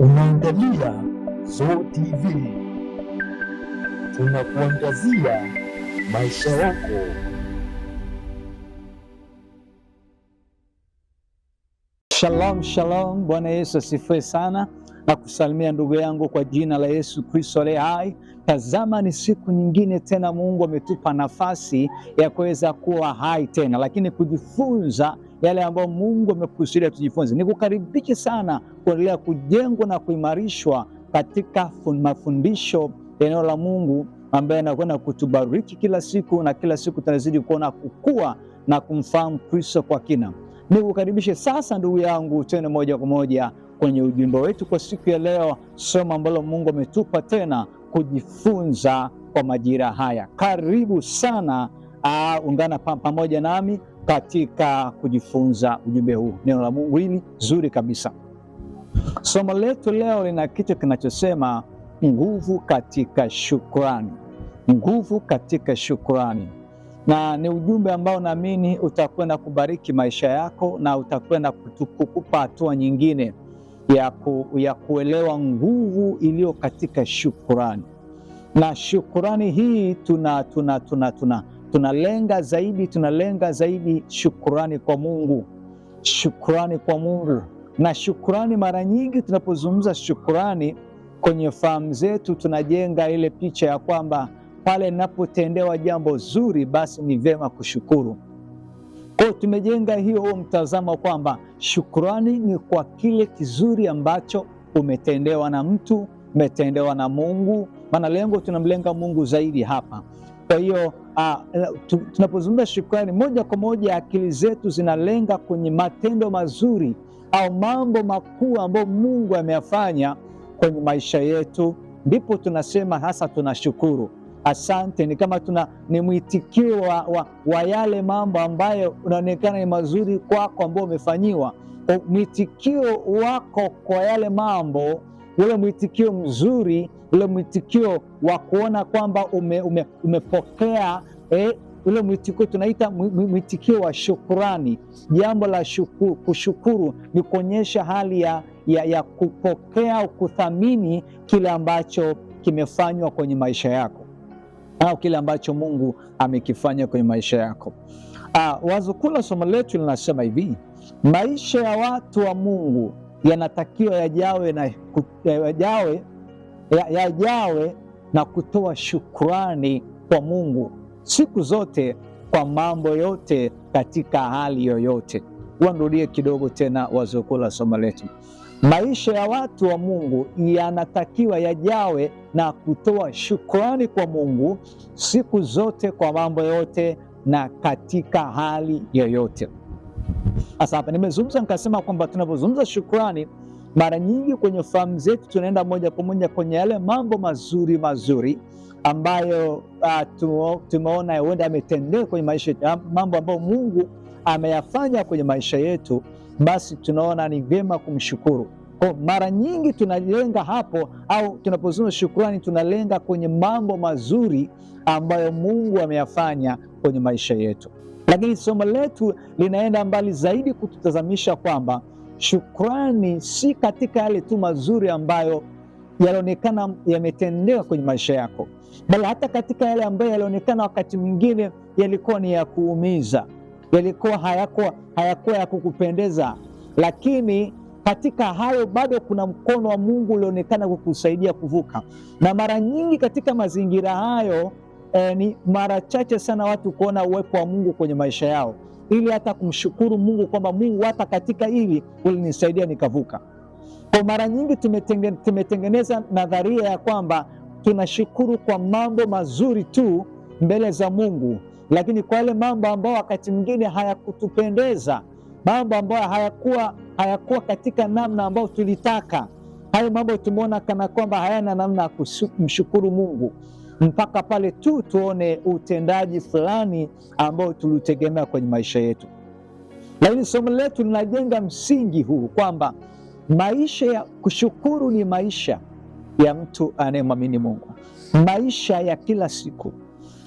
Unaangalia ZOE, tunakuangazia maisha yako. Shalom shalom, Bwana Yesu asifiwe sana na kusalimia ndugu yangu kwa jina la Yesu Kristo aliye hai. Tazama, ni siku nyingine tena Mungu ametupa nafasi ya kuweza kuwa hai tena, lakini kujifunza yale ambayo Mungu amekusudia tujifunze. Nikukaribishe sana kuendelea kujengwa na kuimarishwa katika mafundisho ya neno la Mungu ambaye anakwenda kutubariki kila siku na kila siku tunazidi kuona kukua na kumfahamu Kristo kwa kina. Nikukaribishe sasa ndugu yangu tena moja kwa moja kwenye ujumbe wetu kwa siku ya leo, somo ambalo Mungu ametupa tena kujifunza kwa majira haya. Karibu sana, uh, ungana pamoja nami katika kujifunza ujumbe huu. Neno la Mungu hili zuri kabisa. Somo letu leo lina kichwa kinachosema nguvu katika shukrani, nguvu katika shukrani, na ni ujumbe ambao naamini utakwenda kubariki maisha yako na utakwenda kukupa hatua nyingine ya, ku, ya kuelewa nguvu iliyo katika shukurani. Na shukurani hii tuna tuna tuna tuna tunalenga zaidi, tunalenga zaidi shukurani kwa Mungu, shukurani kwa Mungu. Na shukurani, mara nyingi tunapozungumza shukurani kwenye fahamu zetu tunajenga ile picha ya kwamba pale ninapotendewa jambo zuri, basi ni vema kushukuru. Kwa hiyo tumejenga hiyo huo mtazamo kwamba shukurani ni kwa kile kizuri ambacho umetendewa na mtu, umetendewa na Mungu, maana lengo tunamlenga Mungu zaidi hapa. Kwa hiyo Ah, tunapozungumza shukrani, moja kwa moja akili zetu zinalenga kwenye matendo mazuri au mambo makuu ambayo Mungu ameyafanya kwenye maisha yetu, ndipo tunasema hasa tunashukuru. Asante ni kama tuna ni mwitikio wa, wa, wa yale mambo ambayo unaonekana ni mazuri kwako, ambao umefanyiwa. Mwitikio wako kwa yale mambo ule mwitikio mzuri, ule mwitikio wa kuona kwamba ume, ume, umepokea eh, ule mwitikio tunaita mwitikio wa shukurani. Jambo la shukuru, kushukuru ni kuonyesha hali ya, ya, ya kupokea au kuthamini kile ambacho kimefanywa kwenye maisha yako au kile ambacho Mungu amekifanya kwenye maisha yako. Ah, wazo kuu la somo letu linasema hivi: maisha ya watu wa Mungu yanatakiwa yajawe na, yajawe, yajawe na kutoa shukrani kwa Mungu siku zote kwa mambo yote katika hali yoyote. Uandulie kidogo tena wazo la somo letu. Maisha ya watu wa Mungu yanatakiwa yajawe na kutoa shukrani kwa Mungu siku zote kwa mambo yote na katika hali yoyote. Sasa hapa nimezungumza nikasema kwamba tunapozungumza shukrani, mara nyingi kwenye fahamu zetu tunaenda moja kwa moja kwenye yale mambo mazuri mazuri ambayo uh, tumeona huenda ametendea kwenye maisha yetu, mambo ambayo Mungu ameyafanya kwenye maisha yetu, basi tunaona ni vyema kumshukuru. Kwa mara nyingi tunalenga hapo, au tunapozungumza shukrani tunalenga kwenye mambo mazuri ambayo Mungu ameyafanya kwenye maisha yetu. Lakini somo letu linaenda mbali zaidi kututazamisha kwamba shukrani si katika yale tu mazuri ambayo yalionekana yametendeka kwenye maisha yako, bali hata katika yale ambayo yalionekana wakati mwingine yalikuwa ni ya kuumiza, yalikuwa hayakuwa hayakuwa ya kukupendeza, lakini katika hayo bado kuna mkono wa Mungu ulioonekana kukusaidia kuvuka. Na mara nyingi katika mazingira hayo eh, ni mara chache sana watu kuona uwepo wa Mungu kwenye maisha yao, ili hata kumshukuru Mungu kwamba Mungu, hata katika hili ulinisaidia nikavuka. Kwa mara nyingi tumetenge, tumetengeneza nadharia ya kwamba tunashukuru kwa mambo mazuri tu mbele za Mungu, lakini kwa yale mambo ambayo wakati mwingine hayakutupendeza, mambo ambayo hayakuwa hayakuwa katika namna ambayo tulitaka, hayo mambo tumeona kana kwamba hayana namna ya kumshukuru Mungu mpaka pale tu tuone utendaji fulani ambao tuliutegemea kwenye maisha yetu. Lakini somo letu linajenga msingi huu kwamba maisha ya kushukuru ni maisha ya mtu anayemwamini Mungu, maisha ya kila siku.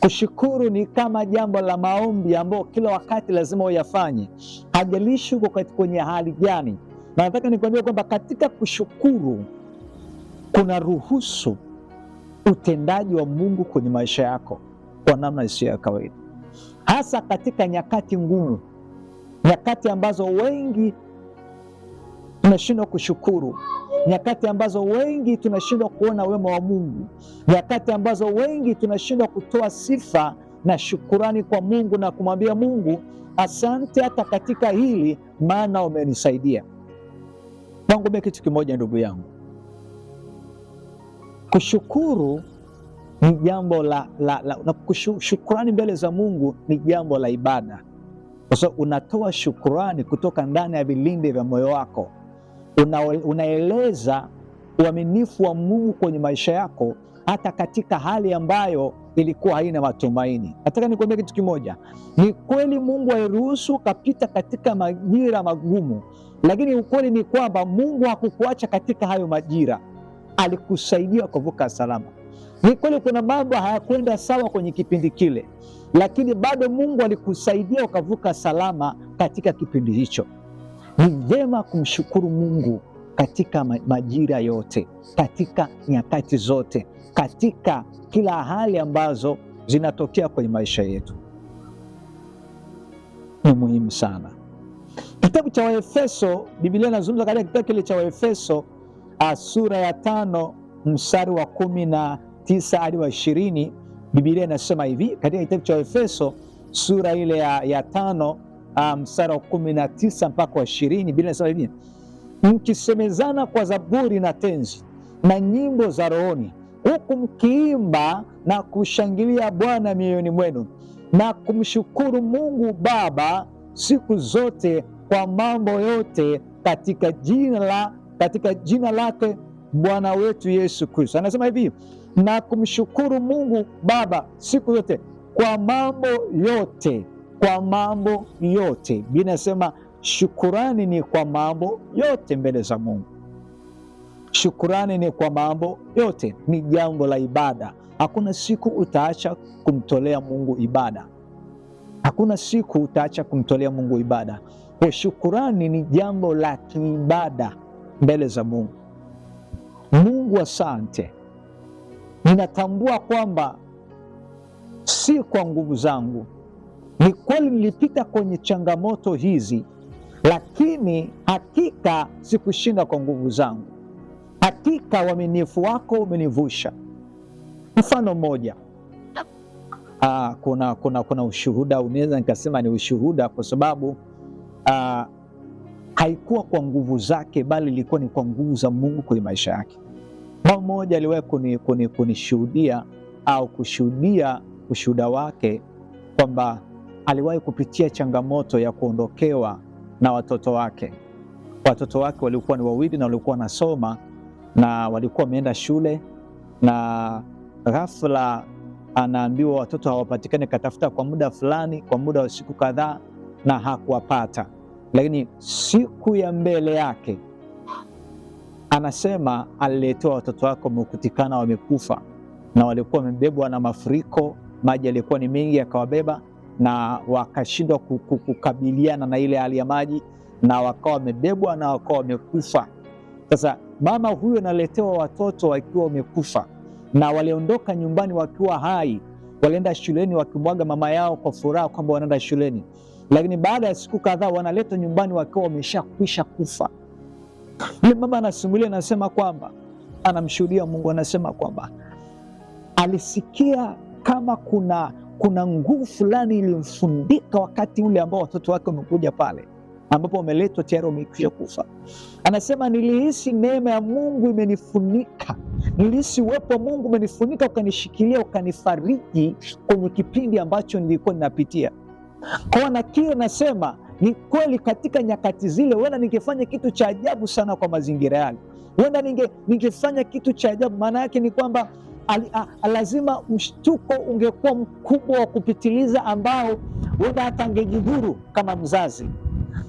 Kushukuru ni kama jambo la maombi ambayo kila wakati lazima uyafanye, hajalishi huko kwenye hali gani. Na nataka nikuambia kwamba katika kushukuru kuna ruhusu utendaji wa Mungu kwenye maisha yako kwa namna isiyo ya kawaida, hasa katika nyakati ngumu, nyakati ambazo wengi tunashindwa kushukuru, nyakati ambazo wengi tunashindwa kuona wema wa Mungu, nyakati ambazo wengi tunashindwa kutoa sifa na shukurani kwa Mungu na kumwambia Mungu asante hata katika hili, maana umenisaidia. Naombe kitu kimoja, ndugu yangu Kushukuru ni jambo la, la, la na shukrani mbele za Mungu ni jambo la ibada, kwa sababu unatoa shukrani kutoka ndani ya vilindi vya moyo wako. Una, unaeleza uaminifu wa Mungu kwenye maisha yako hata katika hali ambayo ilikuwa haina matumaini. Nataka nikuambia kitu kimoja, ni kweli Mungu aliruhusu ukapita katika majira magumu, lakini ukweli ni kwamba Mungu hakukuacha katika hayo majira alikusaidia kuvuka salama. Ni kweli kuna mambo hayakwenda sawa kwenye kipindi kile, lakini bado Mungu alikusaidia ukavuka salama katika kipindi hicho. Ni vyema kumshukuru Mungu katika majira yote, katika nyakati zote, katika kila hali ambazo zinatokea kwenye maisha yetu, ni muhimu sana. Kitabu cha Waefeso, Biblia inazungumza katika kitabu kile cha Waefeso Ah, sura ya tano mstari wa kumi na tisa hadi wa ishirini Biblia inasema hivi katika kitabu cha Efeso sura ile ya, ya tano ah, mstari wa kumi na tisa mpaka wa ishirini Biblia inasema hivi mkisemezana kwa zaburi na tenzi na nyimbo za rohoni huku mkiimba na kushangilia Bwana mioyoni mwenu na kumshukuru Mungu Baba siku zote kwa mambo yote katika jina la katika jina lake Bwana wetu Yesu Kristo. Anasema hivi, na kumshukuru Mungu Baba siku zote kwa mambo yote, kwa mambo yote. Biblia inasema shukurani ni kwa mambo yote mbele za Mungu. Shukurani ni kwa mambo yote, ni jambo la ibada. Hakuna siku utaacha kumtolea Mungu ibada, hakuna siku utaacha kumtolea Mungu ibada. Kwa shukurani ni jambo la kiibada mbele za Mungu. Mungu, asante, ninatambua kwamba si kwa nguvu zangu. Ni kweli nilipita kwenye changamoto hizi, lakini hakika sikushinda kwa nguvu zangu. Hakika uaminifu wako umenivusha. Mfano mmoja aa, ah, kuna, kuna, kuna ushuhuda, unaweza nikasema ni ushuhuda kwa sababu aa, ah, haikuwa kwa nguvu zake, bali ilikuwa ni kwa nguvu za Mungu kwenye maisha yake. Mama mmoja aliwahi kunishuhudia kuni, kuni au kushuhudia ushuhuda wake kwamba aliwahi kupitia changamoto ya kuondokewa na watoto wake. Watoto wake walikuwa ni wawili na walikuwa wanasoma na walikuwa wameenda shule, na ghafla anaambiwa watoto hawapatikani. Katafuta kwa muda fulani, kwa muda wa siku kadhaa, na hakuwapata lakini siku ya mbele yake anasema aliletewa watoto wako wamekutikana, wamekufa na walikuwa wamebebwa na mafuriko, maji yalikuwa ni mengi yakawabeba, na wakashindwa kukabiliana na ile hali ya maji, na wakawa wamebebwa na wakawa wamekufa. Sasa mama huyo analetewa watoto wakiwa wamekufa, na waliondoka nyumbani wakiwa hai, walienda shuleni wakimwaga mama yao kwa furaha kwamba wanaenda shuleni lakini baada ya siku kadhaa wanaleta nyumbani wakiwa wameshakwisha kufa. Yule mama anasimulia, anasema kwamba anamshuhudia Mungu, anasema kwamba alisikia kama kuna kuna nguvu fulani ilimfundika wakati ule ambao watoto wake wamekuja pale ambapo wameletwa tayari wamekwisha kufa. Anasema nilihisi neema ya Mungu imenifunika, nilihisi uwepo wa Mungu umenifunika, ukanishikilia, ukanifariji kwenye kipindi ambacho nilikuwa ninapitia. Kwa na kile nasema ni kweli, katika nyakati zile huenda ningefanya kitu cha ajabu sana kwa mazingira yale, huenda ninge, ningefanya kitu cha ajabu. Maana yake ni kwamba a, lazima mshtuko ungekuwa mkubwa wa kupitiliza, ambao huenda hata angejidhuru kama mzazi.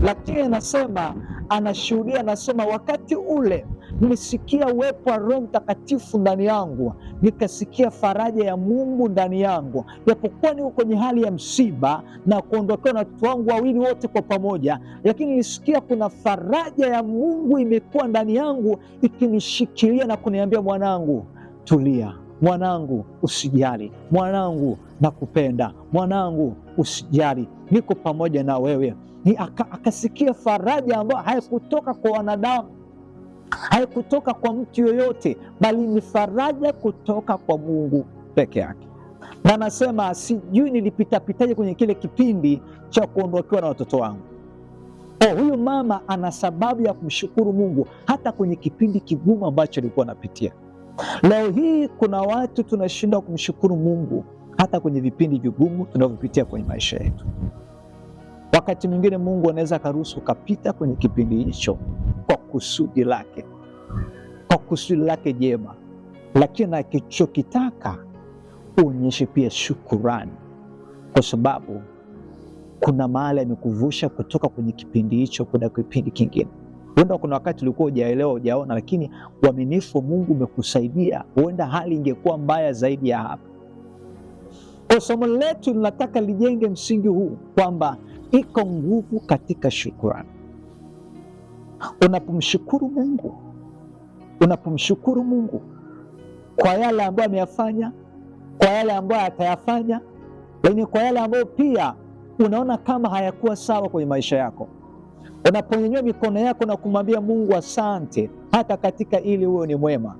Lakini anasema anashuhudia, anasema wakati ule nilisikia uwepo wa Roho Mtakatifu ndani yangu, nikasikia faraja ya Mungu ndani yangu, japokuwa niko kwenye hali ya msiba na kuondokewa na watoto wangu wawili wote kwa pamoja, lakini nilisikia kuna faraja ya Mungu imekuwa ndani yangu ikinishikilia na kuniambia, mwanangu, tulia, mwanangu, usijali, mwanangu, nakupenda, mwanangu, usijali, niko pamoja na wewe. Ni akasikia faraja ambayo haikutoka kwa wanadamu haikutoka kwa mtu yoyote, bali ni faraja kutoka kwa Mungu peke yake. Na nasema sijui nilipitapitaje kwenye kile kipindi cha kuondokewa na watoto wangu. Oh, huyu mama ana sababu ya kumshukuru Mungu hata kwenye kipindi kigumu ambacho alikuwa anapitia. Leo hii kuna watu tunashindwa kumshukuru Mungu hata kwenye vipindi vigumu tunavyopitia kwenye maisha yetu. Wakati mwingine Mungu anaweza akaruhusu ukapita kwenye kipindi hicho kwa kusudi lake, kwa kusudi lake jema, lakini akichokitaka uonyeshe pia shukurani, kwa sababu kuna mahali amekuvusha kutoka kwenye kipindi hicho kwenda kipindi kingine. Huenda kuna wakati ulikuwa hujaelewa, hujaona, lakini uaminifu Mungu umekusaidia. Huenda hali ingekuwa mbaya zaidi ya hapa. Kwa somo letu linataka lijenge msingi huu kwamba iko nguvu katika shukurani. Unapomshukuru Mungu, unapomshukuru Mungu kwa yale ambayo ameyafanya, kwa yale ambayo atayafanya, lakini kwa yale ambayo pia unaona kama hayakuwa sawa kwenye maisha yako, unaponyanyua mikono yako na kumwambia Mungu asante, hata katika ili huyo ni mwema,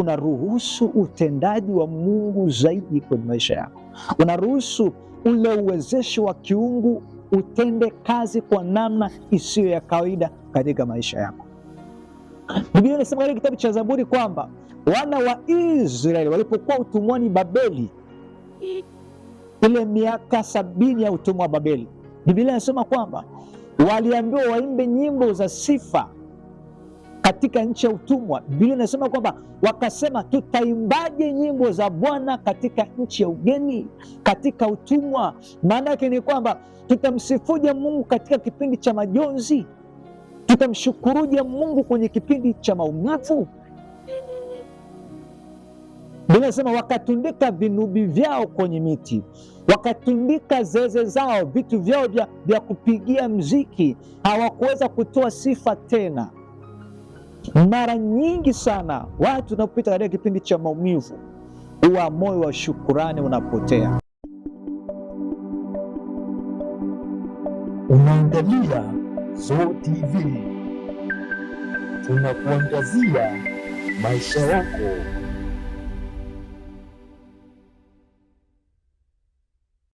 unaruhusu utendaji wa Mungu zaidi kwenye maisha yako, unaruhusu ule uwezeshi wa kiungu utende kazi kwa namna isiyo ya kawaida katika maisha yako. Biblia inasema katika kitabu cha Zaburi kwamba wana wa Israeli walipokuwa utumwani Babeli, ile miaka sabini ya utumwa wa Babeli, Biblia inasema kwamba waliambiwa waimbe nyimbo za sifa katika nchi ya utumwa. Biblia inasema kwamba wakasema, tutaimbaje nyimbo za Bwana katika nchi ya ugeni, katika utumwa? Maana yake ni kwamba tutamsifuje Mungu katika kipindi cha majonzi? Tutamshukuruje Mungu kwenye kipindi cha maumivu? Biblia inasema wakatundika vinubi vyao kwenye miti, wakatundika zeze zao, vitu vyao vya kupigia mziki. Hawakuweza kutoa sifa tena mara nyingi sana watu wanapopita katika kipindi cha maumivu, huwa moyo wa shukurani unapotea. Unaangalia ZOE TV, tunakuangazia maisha yako.